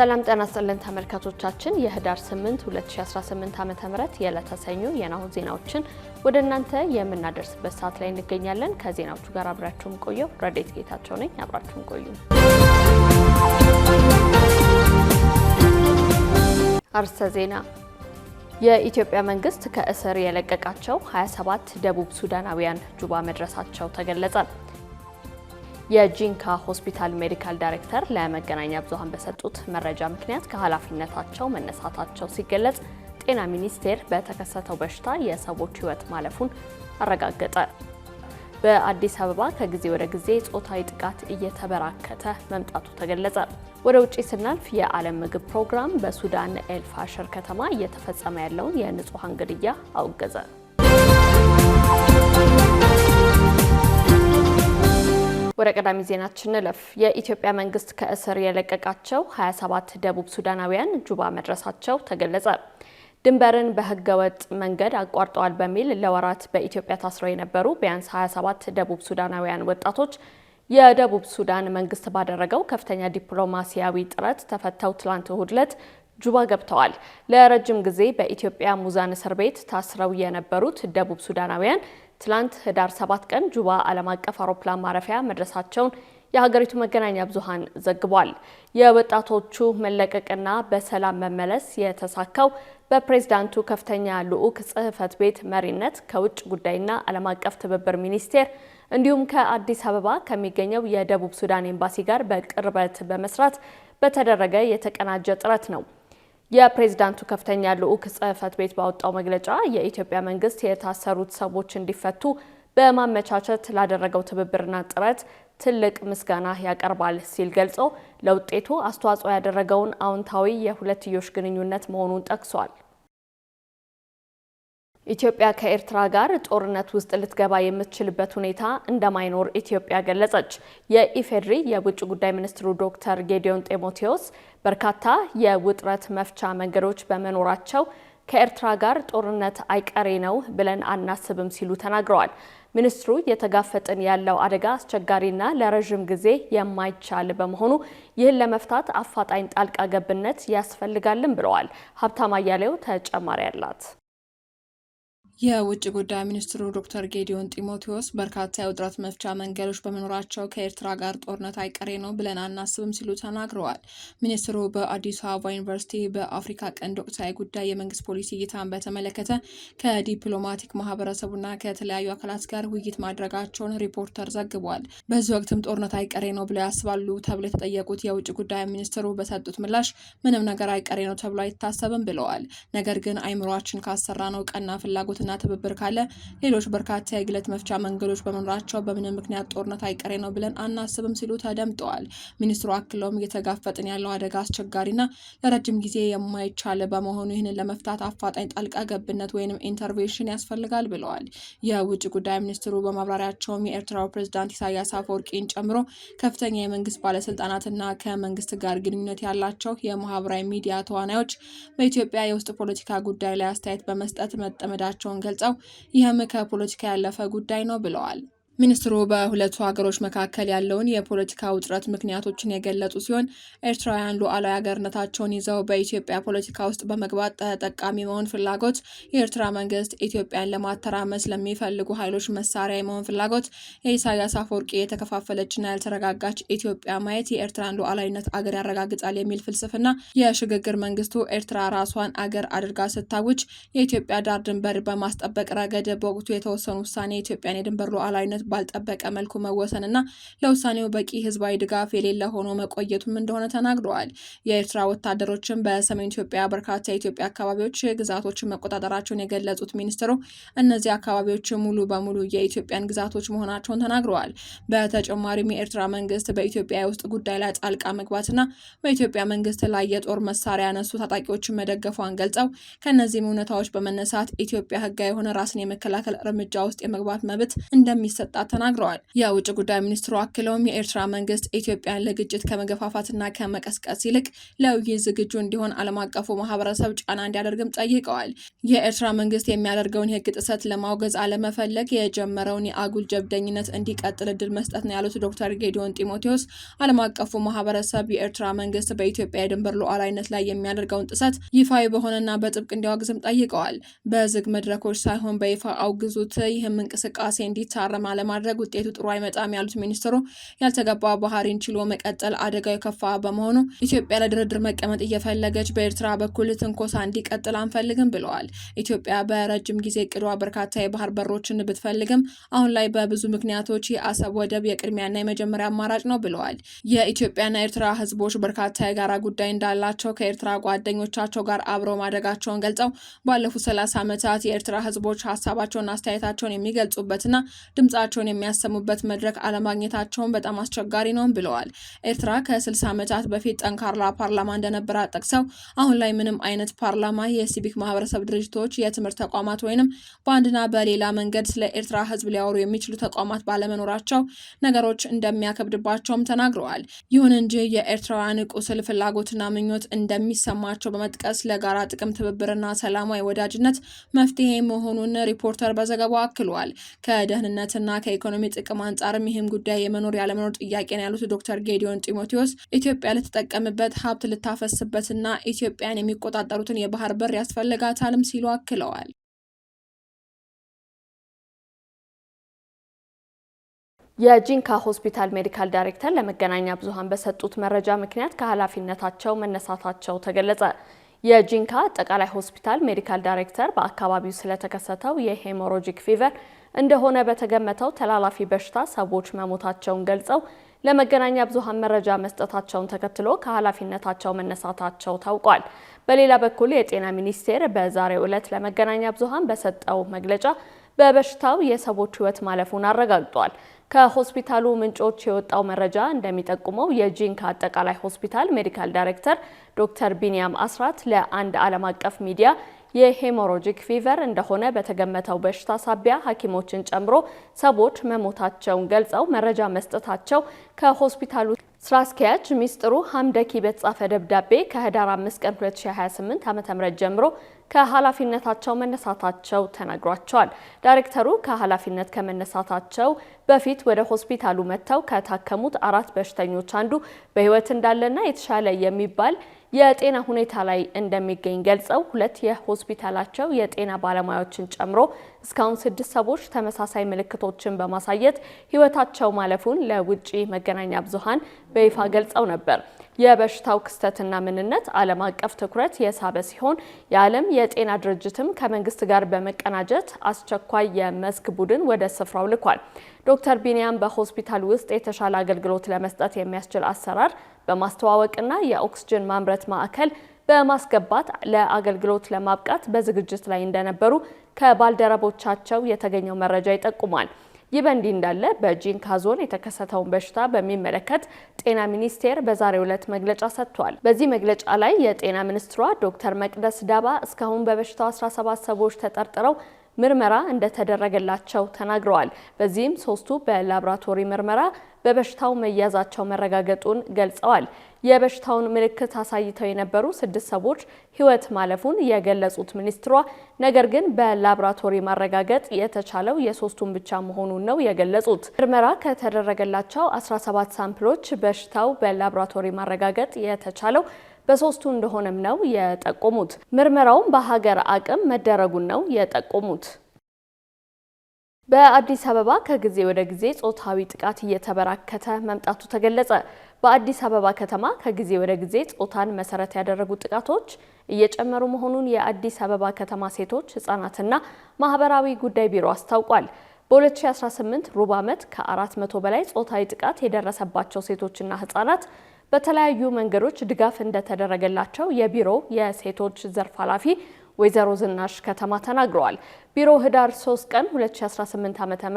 ሰላም ጤና ይስጥልን ተመልካቾቻችን፣ የህዳር 8 2018 ዓ.ም የዕለተ ሰኞ የናሁ ዜናዎችን ወደ እናንተ የምናደርስበት ሰዓት ላይ እንገኛለን። ከዜናዎቹ ጋር አብራችሁም ቆየው። ረዴት ጌታቸው ነኝ። አብራችሁም ቆዩ። አርዕስተ ዜና የኢትዮጵያ መንግስት ከእስር የለቀቃቸው 27 ደቡብ ሱዳናውያን ጁባ መድረሳቸው ተገለጸ። የጂንካ ሆስፒታል ሜዲካል ዳይሬክተር ለመገናኛ ብዙሃን በሰጡት መረጃ ምክንያት ከኃላፊነታቸው መነሳታቸው ሲገለጽ ጤና ሚኒስቴር በተከሰተው በሽታ የሰዎች ሕይወት ማለፉን አረጋገጠ። በአዲስ አበባ ከጊዜ ወደ ጊዜ ጾታዊ ጥቃት እየተበራከተ መምጣቱ ተገለጸ። ወደ ውጭ ስናልፍ የዓለም ምግብ ፕሮግራም በሱዳን ኤልፋሸር ከተማ እየተፈጸመ ያለውን የንጹሐን ግድያ አውገዘ። ወደ ቀዳሚ ዜናችን እንለፍ። የኢትዮጵያ መንግስት ከእስር የለቀቃቸው 27 ደቡብ ሱዳናውያን ጁባ መድረሳቸው ተገለጸ። ድንበርን በህገወጥ መንገድ አቋርጠዋል በሚል ለወራት በኢትዮጵያ ታስረው የነበሩ ቢያንስ 27 ደቡብ ሱዳናውያን ወጣቶች የደቡብ ሱዳን መንግስት ባደረገው ከፍተኛ ዲፕሎማሲያዊ ጥረት ተፈተው ትላንት እሁድ ዕለት ጁባ ገብተዋል። ለረጅም ጊዜ በኢትዮጵያ ሙዛን እስር ቤት ታስረው የነበሩት ደቡብ ሱዳናውያን ትላንት ህዳር 7 ቀን ጁባ ዓለም አቀፍ አውሮፕላን ማረፊያ መድረሳቸውን የሀገሪቱ መገናኛ ብዙሃን ዘግቧል። የወጣቶቹ መለቀቅና በሰላም መመለስ የተሳካው በፕሬዝዳንቱ ከፍተኛ ልዑክ ጽሕፈት ቤት መሪነት ከውጭ ጉዳይና ዓለም አቀፍ ትብብር ሚኒስቴር እንዲሁም ከአዲስ አበባ ከሚገኘው የደቡብ ሱዳን ኤምባሲ ጋር በቅርበት በመስራት በተደረገ የተቀናጀ ጥረት ነው። የፕሬዝዳንቱ ከፍተኛ ልዑክ ጽህፈት ቤት ባወጣው መግለጫ የኢትዮጵያ መንግስት የታሰሩት ሰዎች እንዲፈቱ በማመቻቸት ላደረገው ትብብርና ጥረት ትልቅ ምስጋና ያቀርባል ሲል ገልጾ ለውጤቱ አስተዋጽኦ ያደረገውን አዎንታዊ የሁለትዮሽ ግንኙነት መሆኑን ጠቅሷል። ኢትዮጵያ ከኤርትራ ጋር ጦርነት ውስጥ ልትገባ የምትችልበት ሁኔታ እንደማይኖር ኢትዮጵያ ገለጸች። የኢፌዴሪ የውጭ ጉዳይ ሚኒስትሩ ዶክተር ጌዲዮን ጢሞቴዎስ በርካታ የውጥረት መፍቻ መንገዶች በመኖራቸው ከኤርትራ ጋር ጦርነት አይቀሬ ነው ብለን አናስብም ሲሉ ተናግረዋል። ሚኒስትሩ የተጋፈጥን ያለው አደጋ አስቸጋሪና ለረዥም ጊዜ የማይቻል በመሆኑ ይህን ለመፍታት አፋጣኝ ጣልቃ ገብነት ያስፈልጋልን ብለዋል። ሀብታም አያሌው ተጨማሪ አላት። የውጭ ጉዳይ ሚኒስትሩ ዶክተር ጌዲዮን ጢሞቴዎስ በርካታ የውጥረት መፍቻ መንገዶች በመኖራቸው ከኤርትራ ጋር ጦርነት አይቀሬ ነው ብለን አናስብም ሲሉ ተናግረዋል። ሚኒስትሩ በአዲስ አበባ ዩኒቨርሲቲ በአፍሪካ ቀንድ ወቅታዊ ጉዳይ የመንግስት ፖሊሲ እይታን በተመለከተ ከዲፕሎማቲክ ማህበረሰቡና ከተለያዩ አካላት ጋር ውይይት ማድረጋቸውን ሪፖርተር ዘግቧል። በዚህ ወቅትም ጦርነት አይቀሬ ነው ብለው ያስባሉ ተብሎ የተጠየቁት የውጭ ጉዳይ ሚኒስትሩ በሰጡት ምላሽ ምንም ነገር አይቀሬ ነው ተብሎ አይታሰብም ብለዋል። ነገር ግን አይምሯችን ካሰራ ነው ቀና ፍላጎትና ድጋፍና ትብብር ካለ ሌሎች በርካታ የግለት መፍቻ መንገዶች በመኖራቸው በምንም ምክንያት ጦርነት አይቀሬ ነው ብለን አናስብም ሲሉ ተደምጠዋል። ሚኒስትሩ አክለውም እየተጋፈጥን ያለው አደጋ አስቸጋሪና ለረጅም ጊዜ የማይቻል በመሆኑ ይህንን ለመፍታት አፋጣኝ ጣልቃ ገብነት ወይንም ኢንተርቬንሽን ያስፈልጋል ብለዋል። የውጭ ጉዳይ ሚኒስትሩ በማብራሪያቸውም የኤርትራው ፕሬዝዳንት ኢሳያስ አፈወርቂን ጨምሮ ከፍተኛ የመንግስት ባለስልጣናትና ከመንግስት ጋር ግንኙነት ያላቸው የማህበራዊ ሚዲያ ተዋናዮች በኢትዮጵያ የውስጥ ፖለቲካ ጉዳይ ላይ አስተያየት በመስጠት መጠመዳቸውን ገልጸው ይህም ከፖለቲካ ያለፈ ጉዳይ ነው ብለዋል። ሚኒስትሩ በሁለቱ ሀገሮች መካከል ያለውን የፖለቲካ ውጥረት ምክንያቶችን የገለጹ ሲሆን ኤርትራውያን ሉዓላዊ ሀገርነታቸውን ይዘው በኢትዮጵያ ፖለቲካ ውስጥ በመግባት ተጠቃሚ መሆን ፍላጎት፣ የኤርትራ መንግስት ኢትዮጵያን ለማተራመስ ለሚፈልጉ ኃይሎች መሳሪያ የመሆን ፍላጎት፣ የኢሳያስ አፈወርቂ የተከፋፈለችና ያልተረጋጋች ኢትዮጵያ ማየት የኤርትራን ሉዓላዊነት አገር ያረጋግጣል የሚል ፍልስፍና፣ የሽግግር መንግስቱ ኤርትራ ራሷን አገር አድርጋ ስታውጅ የኢትዮጵያ ዳር ድንበር በማስጠበቅ ረገድ በወቅቱ የተወሰኑ ውሳኔ የኢትዮጵያን የድንበር ሉዓላዊነት ባልጠበቀ መልኩ መወሰንና ለውሳኔው በቂ ህዝባዊ ድጋፍ የሌለ ሆኖ መቆየቱም እንደሆነ ተናግረዋል። የኤርትራ ወታደሮችን በሰሜን ኢትዮጵያ በርካታ የኢትዮጵያ አካባቢዎች ግዛቶችን መቆጣጠራቸውን የገለጹት ሚኒስትሩ እነዚህ አካባቢዎች ሙሉ በሙሉ የኢትዮጵያን ግዛቶች መሆናቸውን ተናግረዋል። በተጨማሪም የኤርትራ መንግስት በኢትዮጵያ የውስጥ ጉዳይ ላይ ጣልቃ መግባትና በኢትዮጵያ መንግስት ላይ የጦር መሳሪያ ያነሱ ታጣቂዎችን መደገፏን ገልጸው ከእነዚህም እውነታዎች በመነሳት ኢትዮጵያ ህጋዊ የሆነ ራስን የመከላከል እርምጃ ውስጥ የመግባት መብት እንደሚሰጣ ተናግረዋል። የውጭ ጉዳይ ሚኒስትሩ አክለውም የኤርትራ መንግስት ኢትዮጵያን ለግጭት ከመገፋፋትና ከመቀስቀስ ይልቅ ለውይይት ዝግጁ እንዲሆን ዓለም አቀፉ ማህበረሰብ ጫና እንዲያደርግም ጠይቀዋል። የኤርትራ መንግስት የሚያደርገውን የህግ ጥሰት ለማውገዝ አለመፈለግ የጀመረውን የአጉል ጀብደኝነት እንዲቀጥል እድል መስጠት ነው ያሉት ዶክተር ጌዲዮን ጢሞቴዎስ ዓለም አቀፉ ማህበረሰብ የኤርትራ መንግስት በኢትዮጵያ የድንበር ሉዓላዊነት ላይ የሚያደርገውን ጥሰት ይፋዊ በሆነና በጥብቅ እንዲያወግዝም ጠይቀዋል። በዝግ መድረኮች ሳይሆን በይፋ አውግዙት፣ ይህም እንቅስቃሴ እንዲታረም አለማድረግ ውጤቱ ጥሩ አይመጣም ያሉት ሚኒስትሩ ያልተገባ ባህሪን ችሎ መቀጠል አደጋው የከፋ በመሆኑ ኢትዮጵያ ለድርድር መቀመጥ እየፈለገች በኤርትራ በኩል ትንኮሳ እንዲቀጥል አንፈልግም ብለዋል። ኢትዮጵያ በረጅም ጊዜ ቅዷ በርካታ የባህር በሮችን ብትፈልግም አሁን ላይ በብዙ ምክንያቶች የአሰብ ወደብ የቅድሚያና የመጀመሪያ አማራጭ ነው ብለዋል። የኢትዮጵያና ኤርትራ ህዝቦች በርካታ የጋራ ጉዳይ እንዳላቸው ከኤርትራ ጓደኞቻቸው ጋር አብረው ማደጋቸውን ገልጸው ባለፉት ሰላሳ ዓመታት የኤርትራ ህዝቦች ሀሳባቸውን አስተያየታቸውን የሚገልጹበትና ድምጻ ድምጻቸውን የሚያሰሙበት መድረክ አለማግኘታቸውን በጣም አስቸጋሪ ነው ብለዋል። ኤርትራ ከ60 ዓመታት በፊት ጠንካራ ፓርላማ እንደነበረ ጠቅሰው አሁን ላይ ምንም አይነት ፓርላማ፣ የሲቪክ ማህበረሰብ ድርጅቶች፣ የትምህርት ተቋማት ወይንም በአንድና በሌላ መንገድ ስለ ኤርትራ ህዝብ ሊያወሩ የሚችሉ ተቋማት ባለመኖራቸው ነገሮች እንደሚያከብድባቸውም ተናግረዋል። ይሁን እንጂ የኤርትራውያን ቁስል ፍላጎትና ምኞት እንደሚሰማቸው በመጥቀስ ለጋራ ጥቅም ትብብርና ሰላማዊ ወዳጅነት መፍትሄ መሆኑን ሪፖርተር በዘገባው አክሏል። ከደህንነትና ከኢኮኖሚ ጥቅም አንጻርም ይህም ጉዳይ የመኖር ያለመኖር ጥያቄ ነው ያሉት ዶክተር ጌዲዮን ጢሞቴዎስ ኢትዮጵያ ልትጠቀምበት ሀብት ልታፈስበትና ኢትዮጵያን የሚቆጣጠሩትን የባህር በር ያስፈልጋታልም ሲሉ አክለዋል። የጂንካ ሆስፒታል ሜዲካል ዳይሬክተር ለመገናኛ ብዙኃን በሰጡት መረጃ ምክንያት ከኃላፊነታቸው መነሳታቸው ተገለጸ። የጂንካ አጠቃላይ ሆስፒታል ሜዲካል ዳይሬክተር በአካባቢው ስለተከሰተው የሄሞሮጂክ ፊቨር እንደሆነ በተገመተው ተላላፊ በሽታ ሰዎች መሞታቸውን ገልጸው ለመገናኛ ብዙሃን መረጃ መስጠታቸውን ተከትሎ ከኃላፊነታቸው መነሳታቸው ታውቋል። በሌላ በኩል የጤና ሚኒስቴር በዛሬው ዕለት ለመገናኛ ብዙሃን በሰጠው መግለጫ በበሽታው የሰዎች ሕይወት ማለፉን አረጋግጧል። ከሆስፒታሉ ምንጮች የወጣው መረጃ እንደሚጠቁመው የጂንካ አጠቃላይ ሆስፒታል ሜዲካል ዳይሬክተር ዶክተር ቢንያም አስራት ለአንድ ዓለም አቀፍ ሚዲያ የሄሞሮጂክ ፊቨር እንደሆነ በተገመተው በሽታ ሳቢያ ሐኪሞችን ጨምሮ ሰዎች መሞታቸውን ገልጸው መረጃ መስጠታቸው ከሆስፒታሉ ስራ አስኪያጅ ሚስጥሩ ሀምደኪ በተጻፈ ደብዳቤ ከህዳር 5 ቀን 2028 ዓ.ም ጀምሮ ከኃላፊነታቸው መነሳታቸው ተነግሯቸዋል። ዳይሬክተሩ ከኃላፊነት ከመነሳታቸው በፊት ወደ ሆስፒታሉ መጥተው ከታከሙት አራት በሽተኞች አንዱ በህይወት እንዳለና የተሻለ የሚባል የጤና ሁኔታ ላይ እንደሚገኝ ገልጸው ሁለት የሆስፒታላቸው የጤና ባለሙያዎችን ጨምሮ እስካሁን ስድስት ሰዎች ተመሳሳይ ምልክቶችን በማሳየት ሕይወታቸው ማለፉን ለውጭ መገናኛ ብዙሃን በይፋ ገልጸው ነበር። የበሽታው ክስተትና ምንነት ዓለም አቀፍ ትኩረት የሳበ ሲሆን የዓለም የጤና ድርጅትም ከመንግስት ጋር በመቀናጀት አስቸኳይ የመስክ ቡድን ወደ ስፍራው ልኳል። ዶክተር ቢንያም በሆስፒታል ውስጥ የተሻለ አገልግሎት ለመስጠት የሚያስችል አሰራር በማስተዋወቅና የኦክስጅን ማምረት ማዕከል በማስገባት ለአገልግሎት ለማብቃት በዝግጅት ላይ እንደነበሩ ከባልደረቦቻቸው የተገኘው መረጃ ይጠቁማል። ይህ በእንዲህ እንዳለ በጂንካ ዞን የተከሰተውን በሽታ በሚመለከት ጤና ሚኒስቴር በዛሬው ዕለት መግለጫ ሰጥቷል። በዚህ መግለጫ ላይ የጤና ሚኒስትሯ ዶክተር መቅደስ ዳባ እስካሁን በበሽታው 17 ሰዎች ተጠርጥረው ምርመራ እንደተደረገላቸው ተናግረዋል። በዚህም ሶስቱ በላብራቶሪ ምርመራ በበሽታው መያዛቸው መረጋገጡን ገልጸዋል። የበሽታውን ምልክት አሳይተው የነበሩ ስድስት ሰዎች ሕይወት ማለፉን የገለጹት ሚኒስትሯ፣ ነገር ግን በላብራቶሪ ማረጋገጥ የተቻለው የሶስቱን ብቻ መሆኑን ነው የገለጹት። ምርመራ ከተደረገላቸው 17 ሳምፕሎች በሽታው በላብራቶሪ ማረጋገጥ የተቻለው በሶስቱ እንደሆነም ነው የጠቆሙት። ምርመራውም በሀገር አቅም መደረጉን ነው የጠቆሙት። በአዲስ አበባ ከጊዜ ወደ ጊዜ ጾታዊ ጥቃት እየተበራከተ መምጣቱ ተገለጸ። በአዲስ አበባ ከተማ ከጊዜ ወደ ጊዜ ጾታን መሰረት ያደረጉ ጥቃቶች እየጨመሩ መሆኑን የአዲስ አበባ ከተማ ሴቶች ህጻናትና ማህበራዊ ጉዳይ ቢሮ አስታውቋል። በ2018 ሩብ ዓመት ከ400 በላይ ጾታዊ ጥቃት የደረሰባቸው ሴቶችና ህጻናት በተለያዩ መንገዶች ድጋፍ እንደተደረገላቸው የቢሮው የሴቶች ዘርፍ ኃላፊ ወይዘሮ ዝናሽ ከተማ ተናግረዋል። ቢሮ ህዳር 3 ቀን 2018 ዓ.ም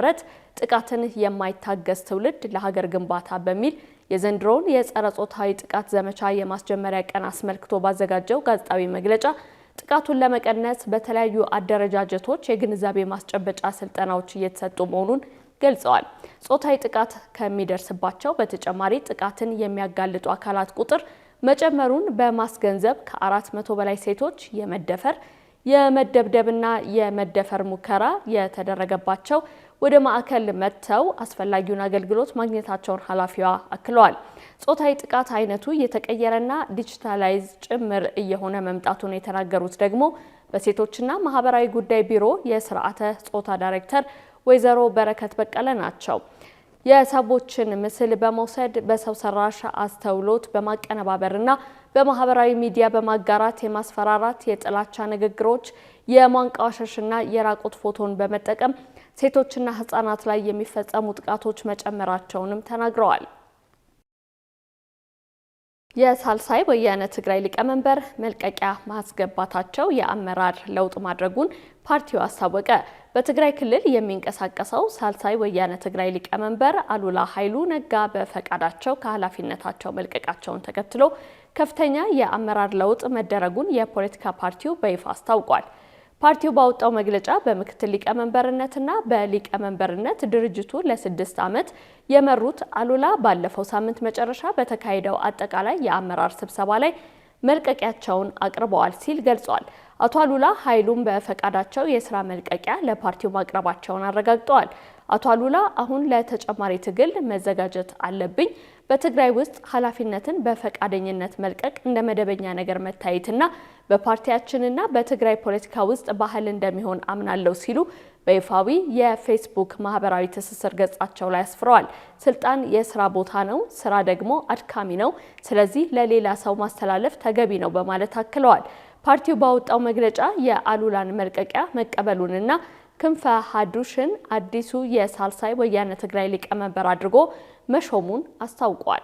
ጥቃትን የማይታገስ ትውልድ ለሀገር ግንባታ በሚል የዘንድሮውን የጸረ ጾታዊ ጥቃት ዘመቻ የማስጀመሪያ ቀን አስመልክቶ ባዘጋጀው ጋዜጣዊ መግለጫ ጥቃቱን ለመቀነስ በተለያዩ አደረጃጀቶች የግንዛቤ ማስጨበጫ ስልጠናዎች እየተሰጡ መሆኑን ገልጸዋል። ጾታዊ ጥቃት ከሚደርስባቸው በተጨማሪ ጥቃትን የሚያጋልጡ አካላት ቁጥር መጨመሩን በማስገንዘብ ከ400 በላይ ሴቶች የመደፈር የመደብደብና የመደፈር ሙከራ የተደረገባቸው ወደ ማዕከል መጥተው አስፈላጊውን አገልግሎት ማግኘታቸውን ኃላፊዋ አክለዋል። ጾታዊ ጥቃት አይነቱ እየተቀየረና ዲጂታላይዝ ጭምር እየሆነ መምጣቱን የተናገሩት ደግሞ በሴቶችና ማህበራዊ ጉዳይ ቢሮ የስርዓተ ጾታ ዳይሬክተር ወይዘሮ በረከት በቀለ ናቸው። የሰዎችን ምስል በመውሰድ በሰው ሰራሽ አስተውሎት በማቀነባበርና በማህበራዊ ሚዲያ በማጋራት የማስፈራራት፣ የጥላቻ ንግግሮች፣ የማንቋሸሽና የራቁት ፎቶን በመጠቀም ሴቶችና ህጻናት ላይ የሚፈጸሙ ጥቃቶች መጨመራቸውንም ተናግረዋል። የሳልሳይ ወያነ ትግራይ ሊቀመንበር መልቀቂያ ማስገባታቸው የአመራር ለውጥ ማድረጉን ፓርቲው አስታወቀ። በትግራይ ክልል የሚንቀሳቀሰው ሳልሳይ ወያነ ትግራይ ሊቀመንበር አሉላ ኃይሉ ነጋ በፈቃዳቸው ከኃላፊነታቸው መልቀቃቸውን ተከትሎ ከፍተኛ የአመራር ለውጥ መደረጉን የፖለቲካ ፓርቲው በይፋ አስታውቋል። ፓርቲው ባወጣው መግለጫ በምክትል ሊቀመንበርነትና በሊቀመንበርነት ድርጅቱ ለስድስት ዓመት የመሩት አሉላ ባለፈው ሳምንት መጨረሻ በተካሄደው አጠቃላይ የአመራር ስብሰባ ላይ መልቀቂያቸውን አቅርበዋል ሲል ገልጿል። አቶ አሉላ ኃይሉን በፈቃዳቸው የስራ መልቀቂያ ለፓርቲው ማቅረባቸውን አረጋግጠዋል። አቶ አሉላ አሁን ለተጨማሪ ትግል መዘጋጀት አለብኝ፣ በትግራይ ውስጥ ኃላፊነትን በፈቃደኝነት መልቀቅ እንደ መደበኛ ነገር መታየትና በፓርቲያችንና በትግራይ ፖለቲካ ውስጥ ባህል እንደሚሆን አምናለሁ ሲሉ በይፋዊ የፌስቡክ ማህበራዊ ትስስር ገጻቸው ላይ አስፍረዋል። ስልጣን የስራ ቦታ ነው፣ ስራ ደግሞ አድካሚ ነው። ስለዚህ ለሌላ ሰው ማስተላለፍ ተገቢ ነው በማለት አክለዋል። ፓርቲው ባወጣው መግለጫ የአሉላን መልቀቂያ መቀበሉንና ክንፈ ሀዱሽን አዲሱ የሳልሳይ ወያነ ትግራይ ሊቀመንበር አድርጎ መሾሙን አስታውቋል።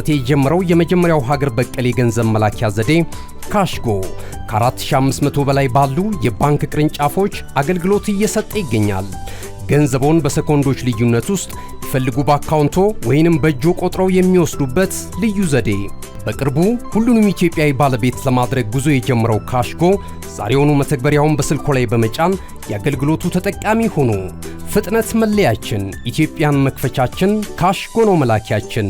ከማምጠት የጀመረው የመጀመሪያው ሀገር በቀል የገንዘብ መላኪያ ዘዴ ካሽጎ ከ4500 በላይ ባሉ የባንክ ቅርንጫፎች አገልግሎት እየሰጠ ይገኛል። ገንዘቦን በሰኮንዶች ልዩነት ውስጥ ይፈልጉ በአካውንቶ ወይንም በእጆ ቆጥረው የሚወስዱበት ልዩ ዘዴ። በቅርቡ ሁሉንም ኢትዮጵያዊ ባለቤት ለማድረግ ጉዞ የጀመረው ካሽጎ ዛሬውኑ መተግበሪያውን በስልኮ ላይ በመጫን የአገልግሎቱ ተጠቃሚ ሆኑ። ፍጥነት መለያችን፣ ኢትዮጵያን መክፈቻችን፣ ካሽጎ ነው መላኪያችን።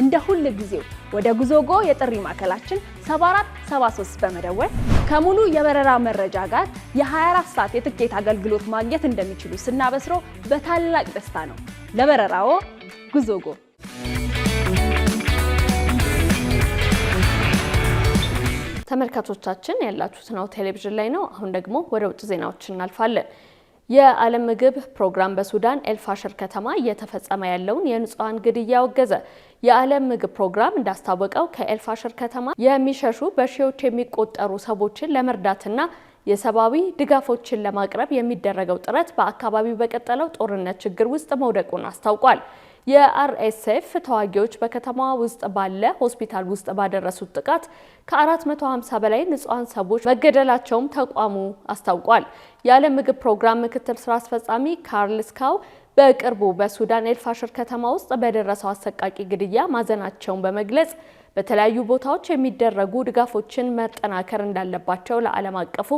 እንደ ሁል ጊዜው ወደ ጉዞጎ የጥሪ ማዕከላችን 7473 በመደወል ከሙሉ የበረራ መረጃ ጋር የ24 ሰዓት የትኬት አገልግሎት ማግኘት እንደሚችሉ ስናበስሮ በታላቅ ደስታ ነው። ለበረራዎ ጉዞጎ። ተመልካቾቻችን ያላችሁት ናሁ ቴሌቪዥን ላይ ነው። አሁን ደግሞ ወደ ውጭ ዜናዎች እናልፋለን። የዓለም ምግብ ፕሮግራም በሱዳን ኤልፋሸር ከተማ እየተፈጸመ ያለውን የንጹሐን ግድያ አወገዘ። የዓለም ምግብ ፕሮግራም እንዳስታወቀው ከኤልፋሽር ከተማ የሚሸሹ በሺዎች የሚቆጠሩ ሰዎችን ለመርዳትና የሰብአዊ ድጋፎችን ለማቅረብ የሚደረገው ጥረት በአካባቢው በቀጠለው ጦርነት ችግር ውስጥ መውደቁን አስታውቋል። የአርኤስኤፍ ተዋጊዎች በከተማዋ ውስጥ ባለ ሆስፒታል ውስጥ ባደረሱት ጥቃት ከ450 በላይ ንጹሐን ሰዎች መገደላቸውም ተቋሙ አስታውቋል። የዓለም ምግብ ፕሮግራም ምክትል ስራ አስፈጻሚ ካርል ስካው በቅርቡ በሱዳን ኤልፋሽር ከተማ ውስጥ በደረሰው አሰቃቂ ግድያ ማዘናቸውን በመግለጽ በተለያዩ ቦታዎች የሚደረጉ ድጋፎችን መጠናከር እንዳለባቸው ለዓለም አቀፉ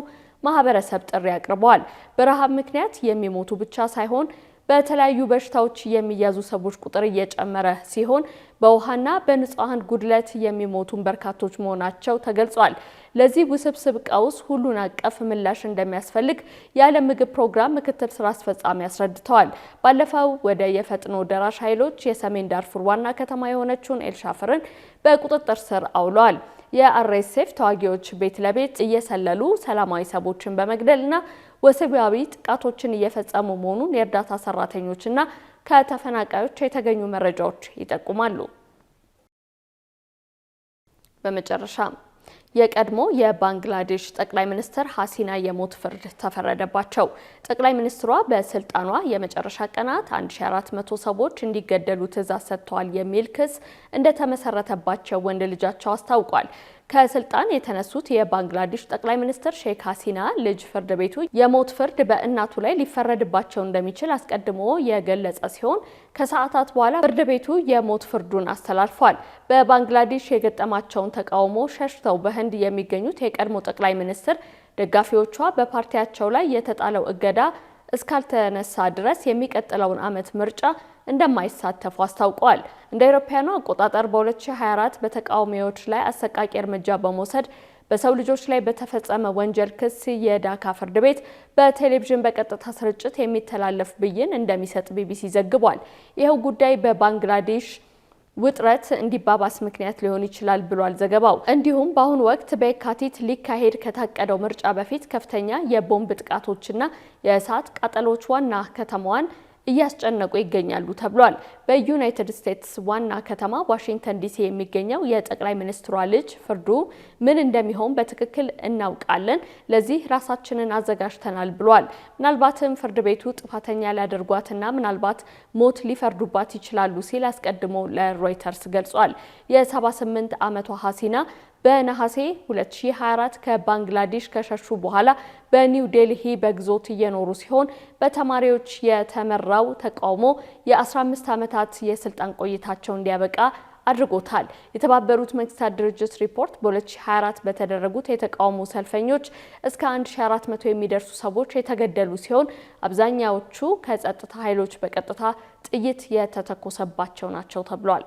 ማህበረሰብ ጥሪ አቅርበዋል። በረሃብ ምክንያት የሚሞቱ ብቻ ሳይሆን በተለያዩ በሽታዎች የሚያዙ ሰዎች ቁጥር እየጨመረ ሲሆን በውሃና በንጹሐን ጉድለት የሚሞቱን በርካቶች መሆናቸው ተገልጿል። ለዚህ ውስብስብ ቀውስ ሁሉን አቀፍ ምላሽ እንደሚያስፈልግ የዓለም ምግብ ፕሮግራም ምክትል ስራ አስፈጻሚ አስረድተዋል። ባለፈው ወደ የፈጥኖ ደራሽ ኃይሎች የሰሜን ዳርፉር ዋና ከተማ የሆነችውን ኤልሻፍርን በቁጥጥር ስር አውለዋል። የአርኤስኤፍ ተዋጊዎች ቤት ለቤት እየሰለሉ ሰላማዊ ሰዎችን በመግደልና ወሲባዊ ጥቃቶችን እየፈጸሙ መሆኑን የእርዳታ ሰራተኞችና ከተፈናቃዮች የተገኙ መረጃዎች ይጠቁማሉ። በመጨረሻ የቀድሞ የባንግላዴሽ ጠቅላይ ሚኒስትር ሀሲና የሞት ፍርድ ተፈረደባቸው። ጠቅላይ ሚኒስትሯ በስልጣኗ የመጨረሻ ቀናት 1400 ሰዎች እንዲገደሉ ትዕዛዝ ሰጥተዋል የሚል ክስ እንደተመሰረተባቸው ወንድ ልጃቸው አስታውቋል። ከስልጣን የተነሱት የባንግላዴሽ ጠቅላይ ሚኒስትር ሼክ ሀሲና ልጅ ፍርድ ቤቱ የሞት ፍርድ በእናቱ ላይ ሊፈረድባቸው እንደሚችል አስቀድሞ የገለጸ ሲሆን ከሰዓታት በኋላ ፍርድ ቤቱ የሞት ፍርዱን አስተላልፏል። በባንግላዴሽ የገጠማቸውን ተቃውሞ ሸሽተው በህንድ የሚገኙት የቀድሞ ጠቅላይ ሚኒስትር ደጋፊዎቿ በፓርቲያቸው ላይ የተጣለው እገዳ እስካልተነሳ ድረስ የሚቀጥለውን ዓመት ምርጫ እንደማይሳተፉ አስታውቀዋል። እንደ አውሮፓውያኑ አቆጣጠር በ2024 በተቃዋሚዎች ላይ አሰቃቂ እርምጃ በመውሰድ በሰው ልጆች ላይ በተፈጸመ ወንጀል ክስ የዳካ ፍርድ ቤት በቴሌቪዥን በቀጥታ ስርጭት የሚተላለፍ ብይን እንደሚሰጥ ቢቢሲ ዘግቧል። ይኸው ጉዳይ በባንግላዴሽ ውጥረት እንዲባባስ ምክንያት ሊሆን ይችላል ብሏል ዘገባው። እንዲሁም በአሁኑ ወቅት በየካቲት ሊካሄድ ከታቀደው ምርጫ በፊት ከፍተኛ የቦምብ ጥቃቶችና የእሳት ቃጠሎች ዋና ከተማዋን እያስጨነቁ ይገኛሉ ተብሏል። በዩናይትድ ስቴትስ ዋና ከተማ ዋሽንግተን ዲሲ የሚገኘው የጠቅላይ ሚኒስትሯ ልጅ ፍርዱ ምን እንደሚሆን በትክክል እናውቃለን፣ ለዚህ ራሳችንን አዘጋጅተናል ብሏል። ምናልባትም ፍርድ ቤቱ ጥፋተኛ ሊያደርጓትና ምናልባት ሞት ሊፈርዱባት ይችላሉ ሲል አስቀድሞ ለሮይተርስ ገልጿል። የ78 ዓመቷ ሀሲና በነሐሴ 2024 ከባንግላዴሽ ከሸሹ በኋላ በኒው ዴልሂ በግዞት እየኖሩ ሲሆን በተማሪዎች የተመራው ተቃውሞ የ15 ዓመታት የስልጣን ቆይታቸው እንዲያበቃ አድርጎታል። የተባበሩት መንግስታት ድርጅት ሪፖርት በ2024 በተደረጉት የተቃውሞ ሰልፈኞች እስከ 1400 የሚደርሱ ሰዎች የተገደሉ ሲሆን አብዛኛዎቹ ከጸጥታ ኃይሎች በቀጥታ ጥይት የተተኮሰባቸው ናቸው ተብሏል።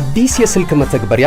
አዲስ የስልክ መተግበሪያ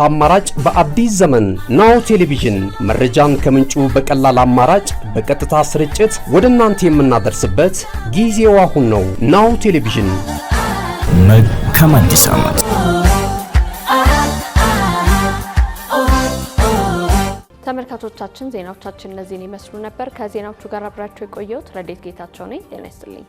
አማራጭ በአዲስ ዘመን ናሁ ቴሌቪዥን መረጃን ከምንጩ በቀላል አማራጭ በቀጥታ ስርጭት ወደ እናንተ የምናደርስበት ጊዜው አሁን ነው። ናሁ ቴሌቪዥን መልካም አዲስ ዓመት። ተመልካቾቻችን ዜናዎቻችን እነዚህን ይመስሉ ነበር። ከዜናዎቹ ጋር አብራቸው የቆየሁት ረዴት ጌታቸው ነኝ። ጤና ይስጥልኝ።